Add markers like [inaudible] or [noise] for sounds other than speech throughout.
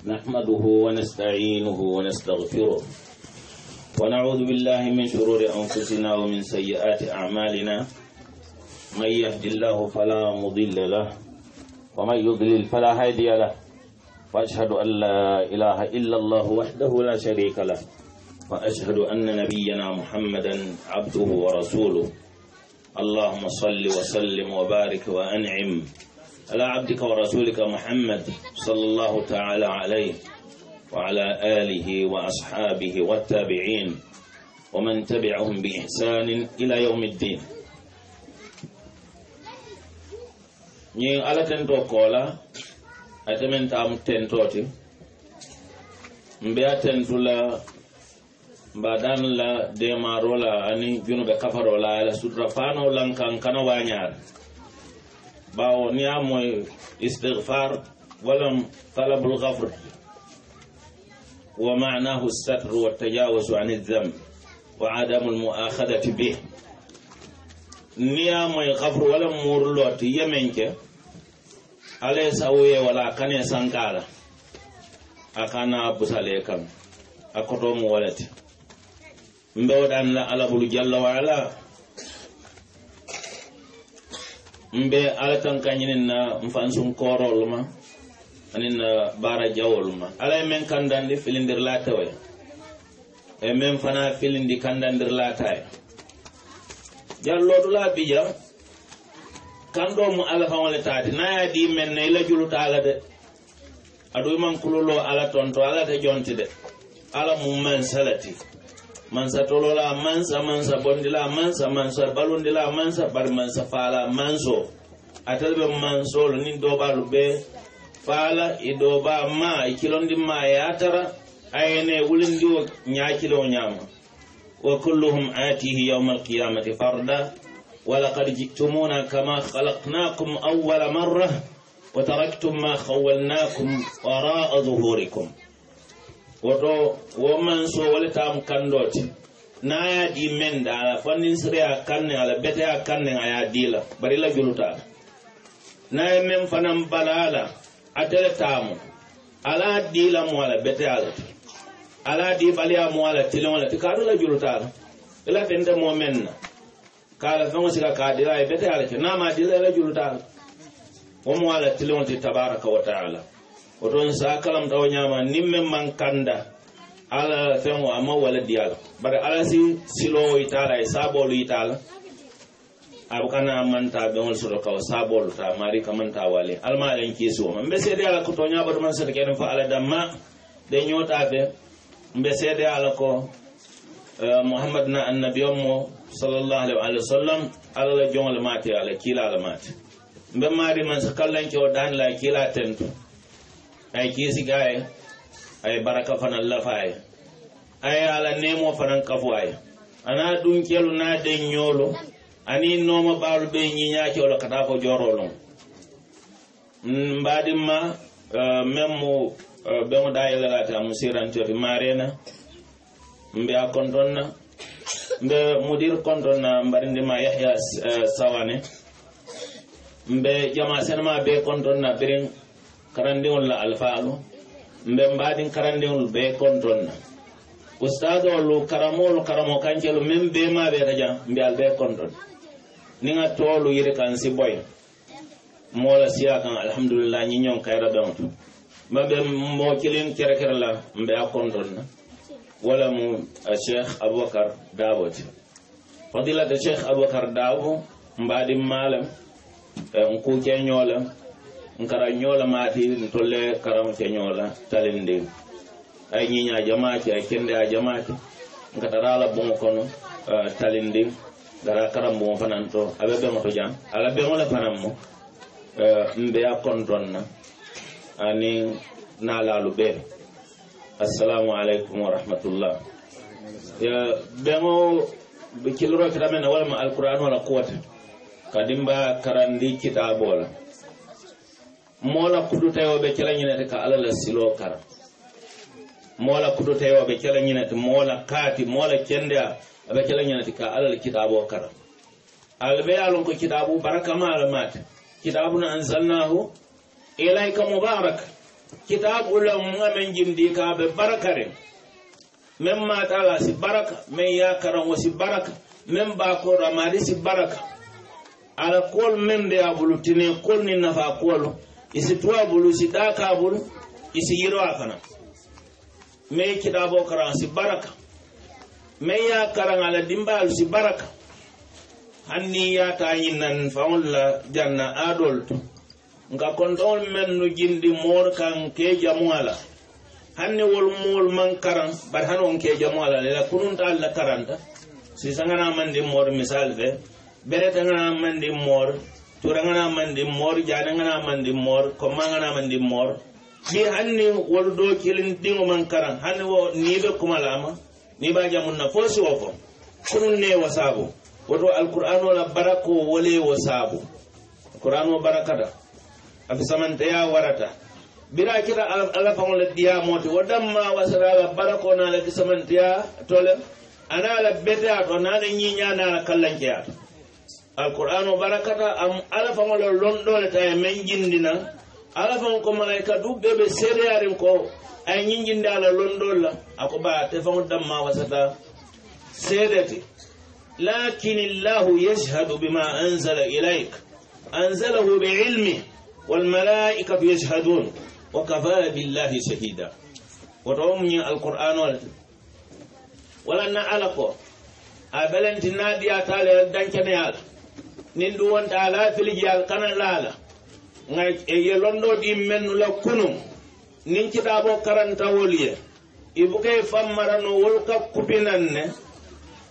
نحمده ونستعينه ونستغفره ونعوذ بالله من شرور أنفسنا ومن سيئات أعمالنا من يهد الله فلا مضل له ومن يضلل فلا هادي له وأشهد أن لا إله إلا الله وحده لا شريك له وأشهد أن نبينا محمدا عبده ورسوله اللهم صل وسلم وبارك وأنعم على عبدك ورسولك محمد صلى الله تعالى عليه وعلى آله وأصحابه والتابعين ومن تبعهم بإحسان إلى يوم الدين ني على تنتو كولا أتمنى أم تنتوتي مبيا تنتو لا بعدان لا ديمارولا أني جنوب كفرولا على سدرفانو لانكان كانوا وانيار ɓaawo ni a moy istigfar walam talabul gafre wa manahu satr waltajawasu an aldamb wa adamu almuakhadati bih ni a moy gafre walam muruloti yemenke ala sawuye wala kane sankala a kana busale kan a kotomu walati mbewoɗan la alabulu jalla wa ala n be ala kan ka ɲinin na n fansun kɔrɔlu ma ani na baara jawolu ma ala ye men kandandi filindirilatawe e men fana filindi kandandirilata ye jallodula bija kan ɗo mu ala kan wole taati na ya di men na ila julu ta ala de aɗu iman kululo ala tonto ala ta jonti de ala mu men salati mansa tolola mansa mansa bondila mansa mansa balondila mansa bar mansa fala manso atalbe be mansolo nin dobalu be fala e doba ma e kilondi ma yatara ayene wulindi wo ñakilo ñama wa kulluhum atihi yawm alqiyamati farda ولقد kama khalaqnakum awwala marra wa وتركتم ما خولناكم وراء ظهوركم wato woman so wale tam doti na ya di men da ala fannin sire a ne ala bete a kanne a ya di la bari la juluta na ya men fanan bala ala a tere tamu ala di la mu ala bete ala ala di bali a mu ala tilin wala ti kadu la juluta ala ila tente mo men na kala fɛn o sika k'a dira a ye bete ala kɛ n'a ma di la ila juluta mo o mu ala tilin wala ti tabaraka wa ta'ala woton sa kalam taw nyama nimme man kanda ala fengo wa wala dial bare ala si silo itala e sabo lu itala abu kana manta be wol soro kaw lu ta mari ka kamanta wale alma len kisu man be sede ala ko to nyaba man sede kenen fa ala damma de nyota be be sede ala ko muhammad na annabi ummu sallallahu alaihi wa sallam ala la jongol mate ala kila ala mate mbe mari man sa kallan ke o dan la kila tentu ay kesi gaye ay baraka fanan lafaye ay ala nemo fanan kafuaye ana ɗum kelu na den ñolo ani nooma ɓaalu ɓe ñiñakelo kata ko jorolon mbadimma mm, e, men mo e, ɓemo da yelerate amu sirantiyoto marena mbe a kontonna mbe mudir kontonna mbarindima yahya e, sawane mbe jama senema be kontonna birin karandewol la alfaalu mbe mbaadin karandewol be kontonna ustadoolu karamoolu karamo kancelu min bemaɓeeta jam mbiyal be konton niŋa toolu yiri kan si boy moola siya kan alhamdulillah ñiñon kayra doŋto ma ɓe mbo kilin kerekere la mbe a kontonna wala mu cheikh aboubacar dabo ti fadilata cheikh aboubacar dabo mbaadin maalem eh, n kuu keñoo le nkara ñoola maati tolle karamte ñoola talinde ay ñiña jamaati ay kende a jamaati nkata rala bomo kono talinde gara karambomo fananto aɓe ɓeŋoto jam ala ɓeŋole fanan mo mbeya kontonna ani naalalu ɓee assalamu aleykum wa rahmatullah ɓeŋo kilorokitamene walama alquran wala kuwata kadimba karandi kitabola mola kudutayoɓe kela ñinete ka ala la silo kara mola kudutayoɓe kela ñinete mola kaati mola kendeya aɓe kela ñinete ka ala la kitabo kara ala alon ko kitabu barakama ala mate kitabuna anzalnahu ilayka mubarak kitabu la ngamen jimdi ka ɓe barakare men mata si baraka men yakaranwo si baraka men bakoro amadi si baraka ala kol men ɓe a kol ni nafa kolo isi tuwabulu isi ɗakabulu isi yirwa kana mai kiɗabo kara si baraka mai ya kara ala dimbalu si baraka hanni ya ta yinnan fawolla janna adult nga kontol men no jindi mor kan ke jamu ala hanni wol mol man karan bar han on ke jamu ala la kunun ta la karanta si sangana mandi mor misal fe bere tangana mandi mor tura ngana mandi mor jana ngana mandi mor ko ngana mandi mor bi hanni wardo kilin dingo man karan hanni wo ni be kuma lama ni ba jamun na fo si wofo kunun ne wasabu wato alqur'an wala barako wale wasabu alqur'an wa barakata afi saman ya warata bira kira ala fa wala diya moti ma wasara barako na la kisaman ya tole ana la beta to na nya na la kiya alqur'ano barakata am ala faŋole lonɗole ta ye men jindina ala faŋ ko malaikatu ɓe ɓe seedeyarin ko aye ñinjinde ala lonɗol la ako ba te faŋo damma wasata seedete lakin illahu yashhadu bima anzala ilayk anzalahu biilmih walmalaikatu yashhadun wa kafa billahi shahida woto wo muñin alqur'ano le wala na ala ko a belentinna ɗiyatale dancaneya la nin ɗum wonta ala filijiyal kananlaala gay e ye londo ɗin mennula kunum nin cita bo karantawol ye i buka ye fammara no wol ka kupinan ne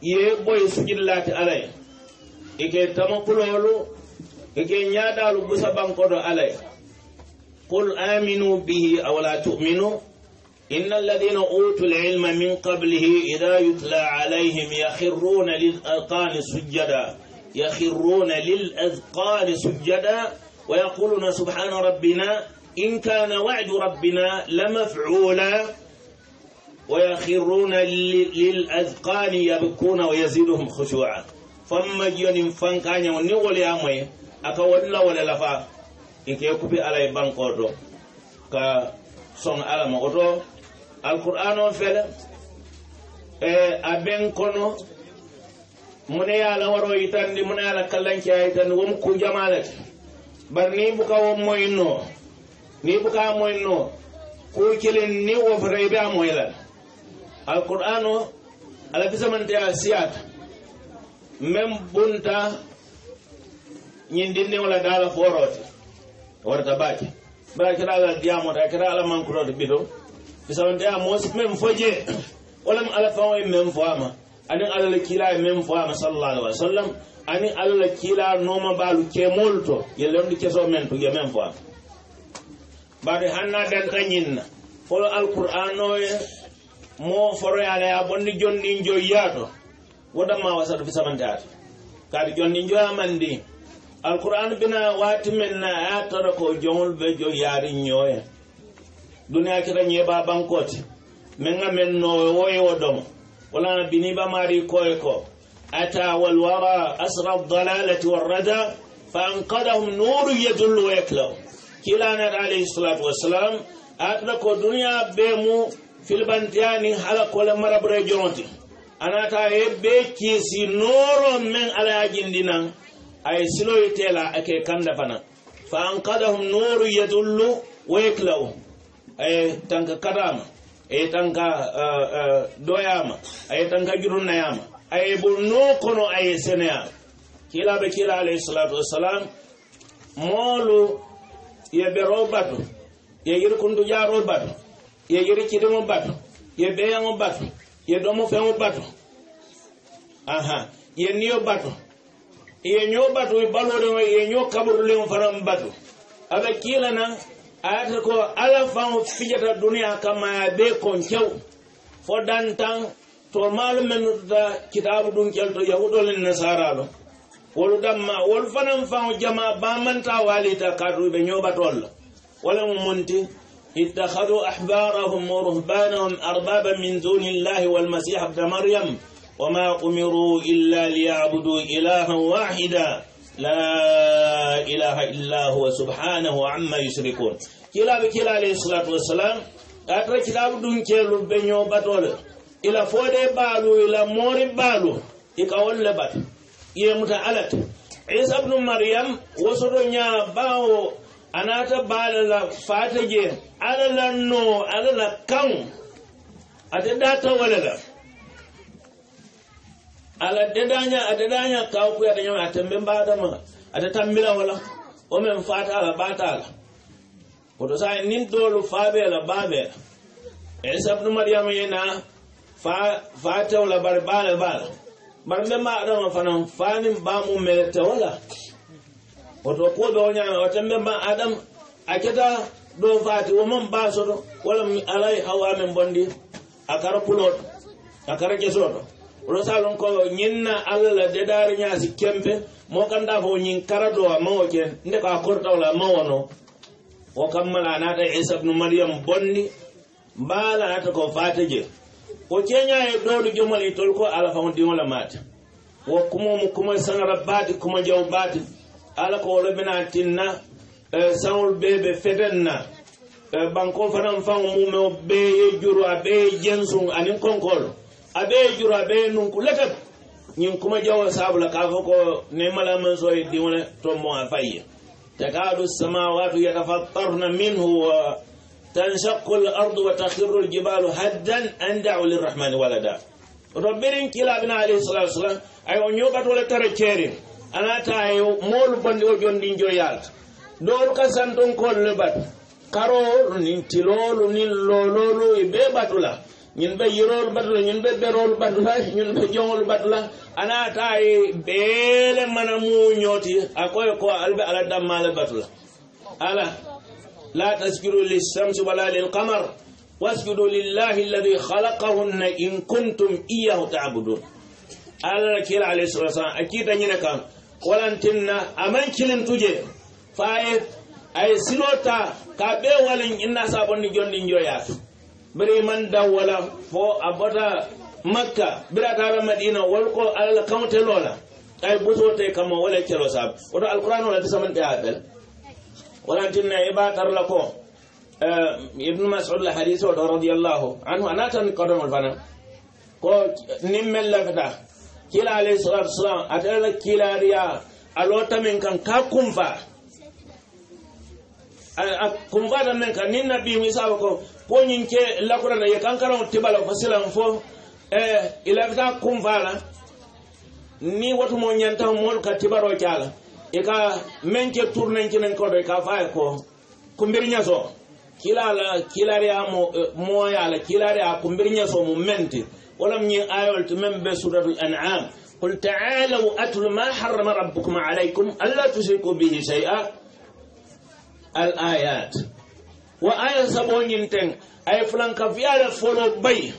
ye boye sigillaati alaye i ke tamakulolu i ke ñaadalu busabankoto alaye qul aminu bihi awala tuminu ina alladina utu lilma min qablihi ida yutla alayhim yahiruna lilalqani sujjada يخرون للأذقان سجدا ويقولون سبحان ربنا إن كان وعد ربنا لمفعولا ويخرون للأذقان يبكون ويزيدهم خشوعا فما جيون فانكان ونقول يا أمي أكوال لا ولا لفا إنك يكوبي على بانكورو ka son ala على oto القرآن fele إيه، أبين aben mune ye ala waro yitandi mune ye ala kallanke yitandi wom ku jamalati bari ni buka wo moyinno ni buka moyinno ku kilin ni wofota ibe a moyilal alquran o ala bisamante a siyata men bunta ñindinni wala dala forote warta baake bara kita ala diyamota a kita ala mankuroto bito bisamante a moosi men fo je wolam ala fawo e men fo ama anin alala kila e men fowama sallallahu alih wa sallam anin alala kila nooma baalu kemolu to yellemde keso men to yo men fowama mbaade hanna dag kañinna folo alqur'an o e mo foroyaala ya bonni jonɗin joyiya to wodanma wasata fi samante ata kaade jonɗin joyaman ndi alqur'an bina waati men na a tara ko jowol ɓe joy yaarin ñoyen duniya kita ñeeɓa bankote menga men no woyowo domo ولا بنيبا ماري كويكو أتى والورى أسرى الضلالة والردى فأنقذهم نور يدل ويكلو كلانا عليه الصلاة والسلام أتلقوا دنيا بيمو في البنتيان حلق ولا مرب رجونتي أنا تايب كيسي نور من على جندنا أي سلو يتلا أكي كندفنا فأنقذهم نور يدل ويكلو أي تنك كرامه aye tan ka ɗoyama aye tan ka jurunnayama aye bo no kono aye seneya kiilaɓe kiila alayhisalatu wassalam moolu ye ɓero batu ye yirkuntu jaaro batu ye yirkitimo batu ye ɓeyamo batu ye ɗomo femo batu aha ye niyo batu ye ño batu baloɗemo ye ño kaburulemo fanam batu aɓe kiilana ayata ala faŋo fijata dunia kama ye bee koncew fo dantaŋ tomaalu mennu tuta kitab dun kel to yahudol le nasara do wol damma wol fanam faŋo jama ba baamanta walita kaatu be nyoba tol wala mo monti munti ahbarahum wa ruhbanahum أربابا min dunillahi wal masih ابن maryam وما أمروا إلا ليعبدوا إلها واحدا la ilaha illa huwa subhanahu amma yushrikun kila be kila alayhi salatu wassalam atra kitabu dun kelu be nyo batole ila fode balu ila mori balu ika wolle bat ye muta alat isa ibn maryam wasodo nya bawo anata balala fataje alala no alala kan ate data walala ala dedaña a dedaña kaw kuyata ñama a tembe mbadama ata tambila wala o men fatala batala koto sa nin dolu fabela babela e sabnu mariama yena fa fa tawla bar bala bala bar me ma adama fana fanim ba mu mel tawla o to ko do nya o tambe ba adam a keta do fati o mon ba soto wala alai hawa men bondi akara pulot akara kesoto rosalon ko ñinna allah la deɗaare ñaasi kempe mo kannda ko ñin karado a mawo ken nde ko a kortawla mawo no o kammala anaata e isabnu mariame bonni mbaala anata ko fate je o ceña e ɗowɗo jomol e tol ko ala fa ɗiola maate wo kumomo kuma e sangara baati kuma jaw baati ala ko rebina tinna e, sawol beɓe fetenna e, banko fanan fan mumeo ɓeye juru a ɓeye jensu anin konkolo aɓe jura aɓe nunku lekat ñin kuma jawo sabula ka fo ko ne malaman so e diwone to mo a fayye te kaadu samawatu yatafattarna minhu wa tansakku l ardu wa takhiru ljibalu haddan an dao lirrahmani walada oto birin kilaɓina alayhi salatu wasalam ay o ñokatole tara ceerin anata ay moolu bondi o jondin joyalta doru ka santonkolle bat karoolu nin tiloolu nin loloolu e ɓe batula ñun be yirol batla ñun be berol batla ñun be jongol batla ana tayi bele mana mu ñoti akoy ko albe ala dammal batla ala la tasjudu lis-shamsi wala lil-qamar wasjudu lillahi alladhi khalaqahunna in kuntum iyyahu ta'budun ala kira alayhi salatu wasalam akita ñine kan walantinna aman kilin tuje faye ay silota ka be walin inna sabon ni jondi njoyaatu bari man dawwala fo a bota makka bira taara madina wol ko alala kawte loola ay butote kama wala celo sab woto alquran wala tisamante ha ɓel walantinna e ɓa tarla ko eh, ibnu masud la hadis oɗo anhu a natan kodomol fana ko nin men lafata kila alayhi salatu wasalam atala kilariya alotamin kan ka kumfa a kumfatan men kan nin nabi wisawa ko koñin ke lakurata ye kankaraŋo tibala fo silaŋ fo e, i lafita kunfa la ni watumo ñanta moolu ka tibaro ke a la i ka meŋ ke turunenkineŋ kodo i ka fa ye ko kumbiriñaso kila la kilariya mo e, moya la kilariya kumbiriñaso mu meŋ ti wo lam ñiŋ ayol ti meŋ be suratul an'am qul taalaw atlu ma harrama rabbukum alaykum an la tushriku bihi shay'a al ayat wa ayan sabo ñinten ay fulanka fiyale folo bay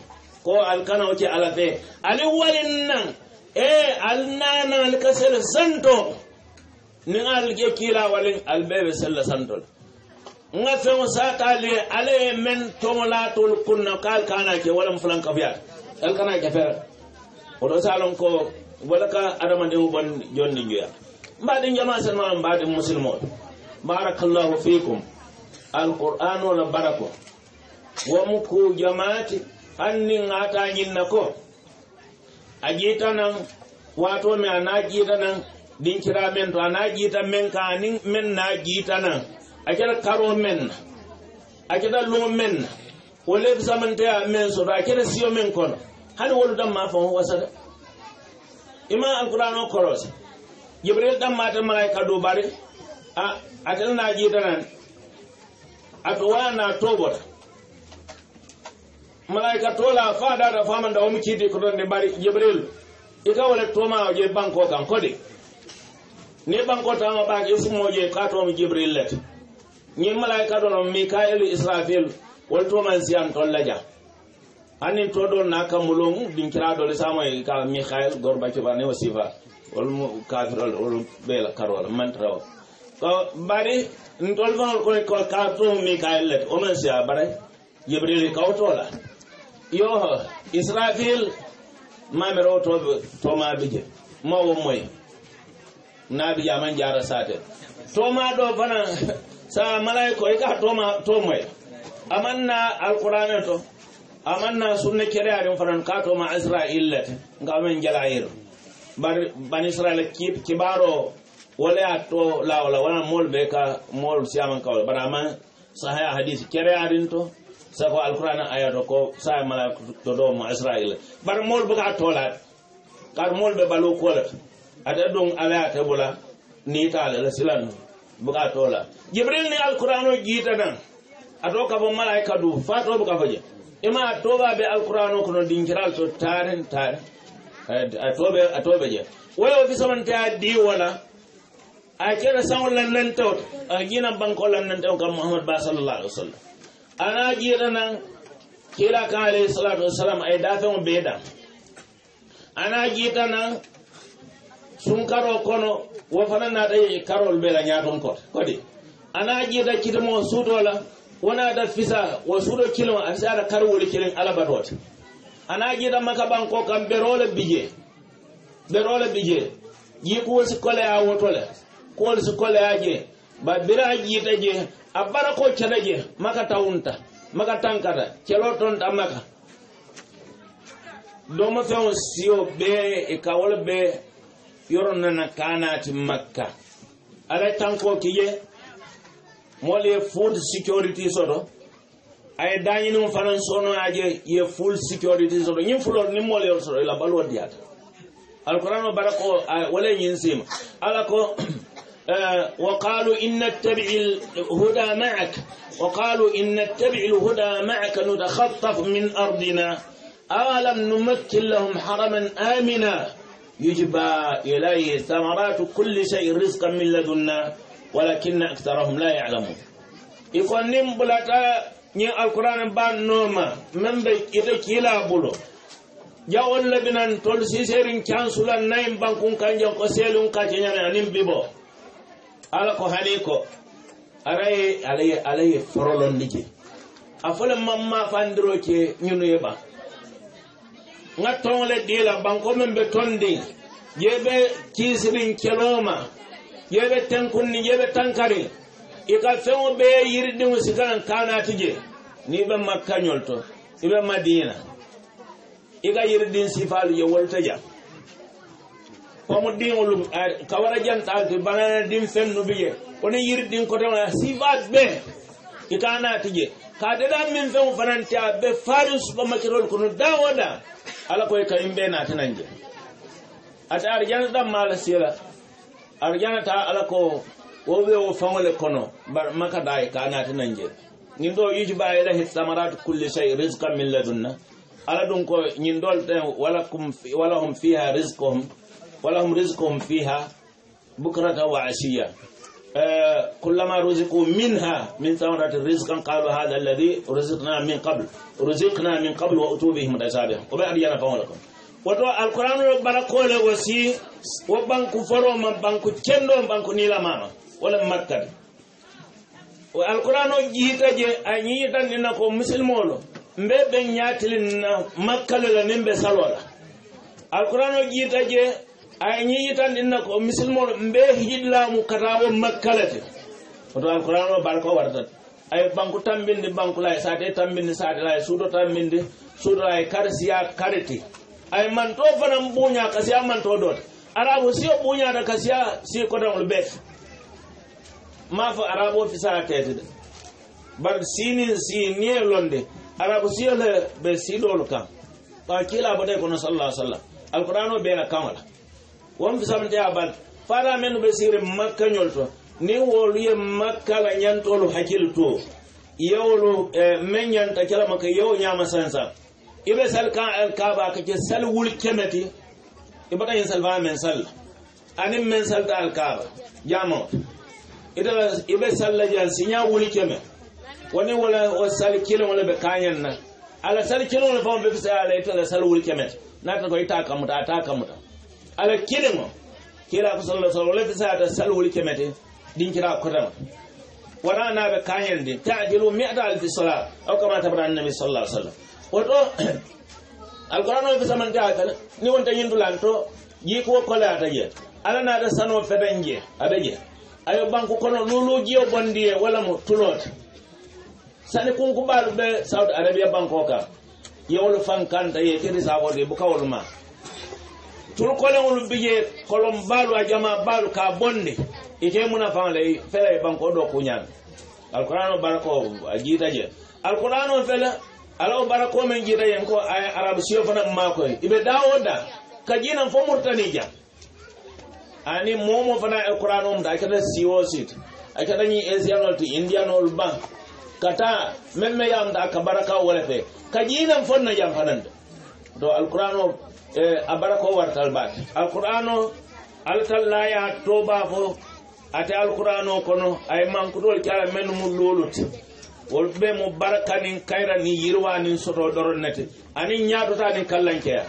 ko alkana ke alate ali walin nan e alnana alkasel santo nin alge kila walin albebe sella santo nga feŋo satale ala ye men toŋolatol kunna ka alkana ke walam fulanka fiyal alkana ke fere oto salon ko wala ka adamadenŋo bon jonni ba mbaɗin jama sanmaa mbaɗin musilmo barakallahu fikum alqur'an wala bara ko womo ko jamaati hanni ngata ñinna ko a jiitanan watomi ana jiitanan ɗincira men to ana jiita men kani men na jiitanan a ceta karo men na a ceta lumo men na wo lebi samanteya men soto a ceta siyo men kono hani wolu damma fan wasata ima alqur'an o korose jibril damma ta malaika do bare a atel na jiitanan aɗo wana toɓota malaika tola faɗaɗa famanda omi kiidi ko ɗon ɗe mbari jibril ika wole toma je banko kan kodi ni banko tama ɓaak usumoje ka tomi jibril let ñin malaika ɗonon micaelu israfil wol toman siyan ton leja anin to ɗon na kammulon ɗinkiraɗo lisamo e ka michael gorbacoba ne o sifa wol kafirol wol ɓeela karola mantrawo ko mbari n tolfaŋol koy ko ka tuŋ mi [laughs] ka lete onon siya bara jibril kawtola yoho israfil mamiro to toma bije mawo moy nabi jaman jara sate toma do fana sa malay ko ka toma to moy amanna alqur'ana to amanna sunna kere arin fanan ka toma israil lete ngamen jalair bar ban israil kib kibaro wala ya to lawla wala mol be ka mol siaman kawla bana ma sahaya hadisi kere arin to sako alquran ayato ko sa mala to do mo israila bar mol buga tola kar mol be balu kola ada don ala ta bula ni tala la silan buga tola jibril ni alquran o jita nan ado ka bo malaika du fato buga faje ima toba be alquran o kono dinjiral to taren tare atobe atobe je wayo bisaman ta di wala a cere saw lanndante o a jiinan banko lanndante o kam mouhamadou ba sallallah alih wa sallam ana jiiɗa nan kiira kan alayhisalatu wassalam ay daafeo beeɗa ana jiita nan sunkaro kono wo fana naatay karol ɓeela ñaaton kota kodi ana jiita kitimo suutola wona ada fisa wo suuɗo kilim aɗa si aɗa kar woli kilin alabatoote ana jiita makabanko kam ɓerole bije ɓerole bije jiikuwosi kole a wotole kooli si kole a jee ba bira a jiita jee a bara ko cata jee maka tawunta maka tankata celoo tonta maka domo feŋo siyo bee i e ka wole bee yoro nana kaanaati makka ala tankoo ki jee moolu ye fuut sikiority soto a ye daañiniŋo fanaŋ soono a je ye fuul sikiority soto ñiŋ fulol niŋ moolu yeo soto i la baluwo diyaata alkuranoo bara ko wo le ñiŋ siima ala ko آه، وقالوا إن نتبع الهدى معك وقالوا إن نتبع الهدى معك نتخطف من أرضنا ألم نمثل لهم حرما آمنا يجبى إليه ثمرات كل شيء رزقا من لدنا ولكن أكثرهم لا يعلمون يقول نمبلتا ni alquran ban noma men be ite kila bulo jawol labinan tol siserin kansulan nayin bankun kanjan ko selun ka kenyana nim bibo ala ko haali ko araye alaye alaye forolon lije a fole mamma fandiro ke ñunu yeɓa ga tonle ɗila banko men ɓe tonde yeɓe kisirin keloma yeɓe tenkunni yeɓe tankari ika fewo ɓe yiriɗiu sikanan kanati je ni ɓe makkañol to iɓe madina ika yiriɗin sifalu je woltaja famo ɗiŋolum kawara jantaalti banana ɗin fennu bi je kono yir ɗin kotema sivage ɓe ika naati je ka deɗa min feŋo fanante a ɓe faari supamakirol kono dawo da ala koye ka yimɓe naatinan je ata ar janataɗam maala siela ar janata ala ko wo ɓe wo faŋole kono bar makadaye ka naatinan je ñin ɗo iji baayeɗa he samarat culli chey risque min ladunna ala ɗum ko ñin dolɗe wala cum wala hom fiha risque hom ولهم رزقهم فيها بكرة وعشية آه كلما رزقوا منها من ثمرة رزقا قالوا هذا الذي رزقنا من قبل رزقنا من قبل وأتوا به متشابها وبعد ينفعون لكم wato alkuranu bara kole wasi wo banku foro ma banku kendo banku nila mama wala makkati wo alkurano jiita je a ñiitan nina ko musilmolo mbe ɓen ñatilin na makkalo la nin ɓe salola alkurano jiita je ayñiñi tan inna ko misilmoɗo mbe hiɗi laamu katawo makkalate oto alqouran o barka o wardat ay banku tambinde banku lay sade tambinde sade lay suudo tambinde suudo lay kare siya karete ay man to fanan buña ka siya man to doote arabo siyo buñata ka siya si kotanol ɓeet mafo arabo fisatede de bar sini si nie londe arabo siyole ɓe siɗolo kam ɓa kiila boɗe kono sallah sallam alqouran o ɓeena kam wala won fisamte a bal fara men ɓe sire makkañol to ni woluye makkala ñantolu hakkil to yewolu eh, men ñanta kelama ka yewo ñama sansa iɓe sal ka al kaba ka ke sal wul kemeti ibata hen sal va men sal ani men salta al kaba jamoto ita iɓe salla jan siña wuli keme woni wala o sal kilo wala ɓe kañen na ala sal kilo wala fawo ɓe fisa ala itala sal wul kemete natata ko itta kamuta ata kamuta ala kiɗego kiira ko sallah sallm lefi saata salwoli kemete ɗinkira kotama wona naɓe kañel ndi tajil o miata alfi sola [coughs] o kama tabata annabi sallah sallam oto alqouranoo fi samanta kala ni wonta yintulan to jii ko wo koleata jee ala naɗa sano feɓen jee aɓe jee ayo banku kono lulu jiyo bondiye walla mo tunote sani kunku ɓaaluɓe saudi arabia banko kam yewlu fankanta ye kedi sa wode bukawolu ma tun kolenŋolu bije kolon baalu a jama baalu ka bonne ite muna faŋo la fela ye banko do kuñaami alkurano barako a jiita je alkurano fela alawo barako meŋ jiita je ko aye arabu sio fana maako i be dawo da ka jinan fo murtani jam ani momo fana e kurano mta a keta siwo siti a keta ñiŋ esiyanol ti indiyanolu ban kata meŋ me yamta ka baraka wole fe ka jinan fonna jam fananta to alkurano e a bara ko wartal baake alquran o alkal laaya toba fo ate alquran o kono ay mankudol cala men mu lolute wol ɓe mo baraka nin kayra nin yirwa nin soto ɗoron nete anin ñaatota nin kallankeya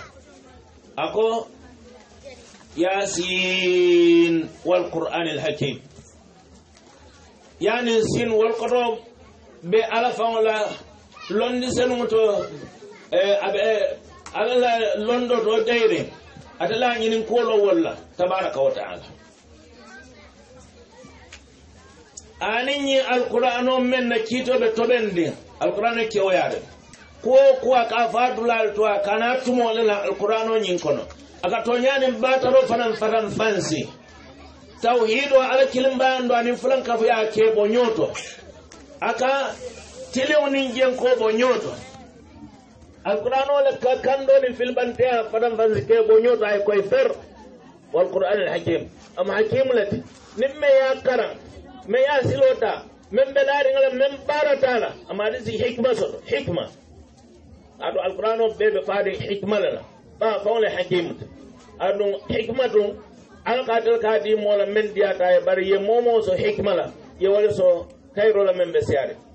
ako yasin walquran alhakim yanin sin wolkoto ɓe alafaola londi senum to e aɓe alala la londo do dayre atala la ñinin kuwolo tabaraka wa taala anin ñi alqur'ano men na kiitoɓe toɓendi alqur'ano kewoyaade ko aka fadu fatulal to a kana tumole la alqur'ano ñin kono aka toñanin bataro fanan fatan fansi tawhido ala kilimbayando anin fulankafu ya ke ñooto aka tiliw nin jenkoɓo ñooto القرآن ولا كان دون في البنتيا فدم فزكي بنيوت أي كويفر والقرآن الحكيم أم حكيم لتي نم يا كرا ما يا سلوتا من بلارين من بارتانا أما هذه حكمة صدر حكمة أدو القرآن بيبي فادي حكمة لنا با فون الحكيم أدو حكمة alkatel ka di mola men diyata e bari ye momo so hikma la ye wala so kayro la